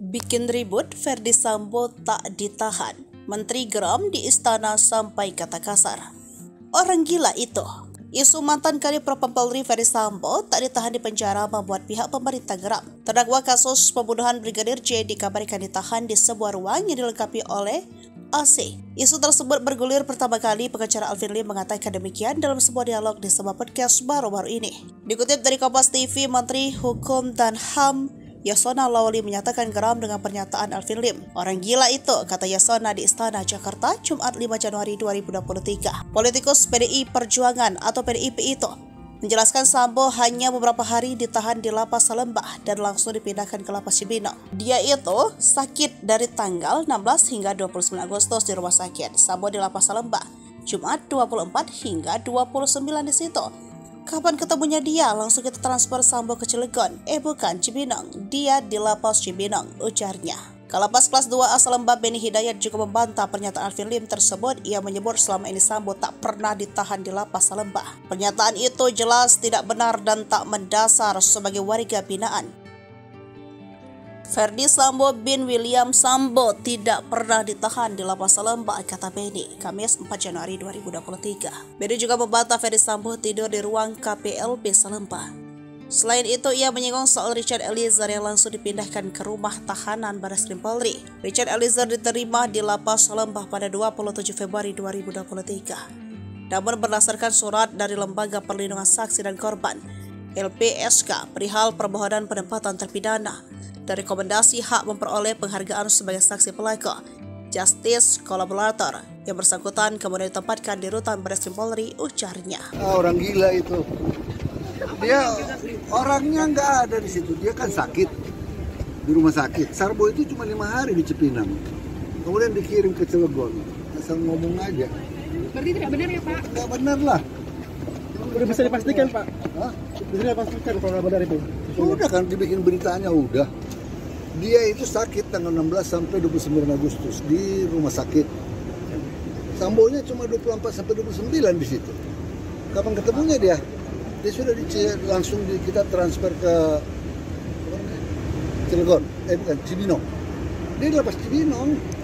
Bikin ribut, Ferdi Sambo tak ditahan. Menteri geram di istana sampai kata kasar. Orang gila itu. Isu mantan propam Polri Ferdi Sambo tak ditahan di penjara membuat pihak pemerintah geram. Terdakwa kasus pembunuhan Brigadir J dikabarkan ditahan di sebuah ruang yang dilengkapi oleh AC. Isu tersebut bergulir pertama kali pengacara Alvin Lee mengatakan demikian dalam sebuah dialog di sebuah podcast baru-baru ini. Dikutip dari Kompas TV, Menteri Hukum dan HAM Yasona Lawli menyatakan geram dengan pernyataan Alvin Lim. Orang gila itu, kata Yasona di Istana Jakarta Jumat 5 Januari 2023. Politikus PDI Perjuangan atau PDIP itu menjelaskan Sambo hanya beberapa hari ditahan di lapas Salembah dan langsung dipindahkan ke lapas Cibinong. Dia itu sakit dari tanggal 16 hingga 29 Agustus di rumah sakit. Sambo di lapas Salembah, Jumat 24 hingga 29 di situ. Kapan ketemunya dia? Langsung kita transfer Sambo ke Cilegon. Eh bukan, Cibinong. Dia di lapas Cibinong, ujarnya. Kalapas kelas 2 asal Lembah Beni Hidayat juga membantah pernyataan Lim tersebut. Ia menyebut selama ini Sambo tak pernah ditahan di lapas Lembah. Pernyataan itu jelas tidak benar dan tak mendasar sebagai warga binaan. Ferdi Sambo bin William Sambo tidak pernah ditahan di lapas Lembak, kata Beni, Kamis 4 Januari 2023. Beni juga membantah Ferdi Sambo tidur di ruang KPLB Salemba. Selain itu, ia menyinggung soal Richard Eliezer yang langsung dipindahkan ke rumah tahanan Baris Krim Polri. Richard Eliezer diterima di lapas Salemba pada 27 Februari 2023. Namun berdasarkan surat dari Lembaga Perlindungan Saksi dan Korban, LPSK perihal permohonan penempatan terpidana, dan rekomendasi hak memperoleh penghargaan sebagai saksi pelaku, justice collaborator yang bersangkutan kemudian ditempatkan di rutan Baris Polri ujarnya. Oh, orang gila itu. Dia orangnya nggak ada di situ, dia kan sakit di rumah sakit. Sarbo itu cuma lima hari di Cipinang, kemudian dikirim ke Cilegon. Asal ngomong aja. Berarti tidak benar ya Pak? Tidak benar lah. Sudah bisa dipastikan Pak? Hah? Bisa dipastikan kalau nggak benar itu? Sudah kan dibikin beritanya udah dia itu sakit tanggal 16 sampai 29 Agustus di rumah sakit. Sambonya cuma 24 sampai 29 di situ. Kapan ketemunya dia? Dia sudah di, langsung di, kita transfer ke Cilegon, eh bukan Cibinong. Dia lepas Cibinong,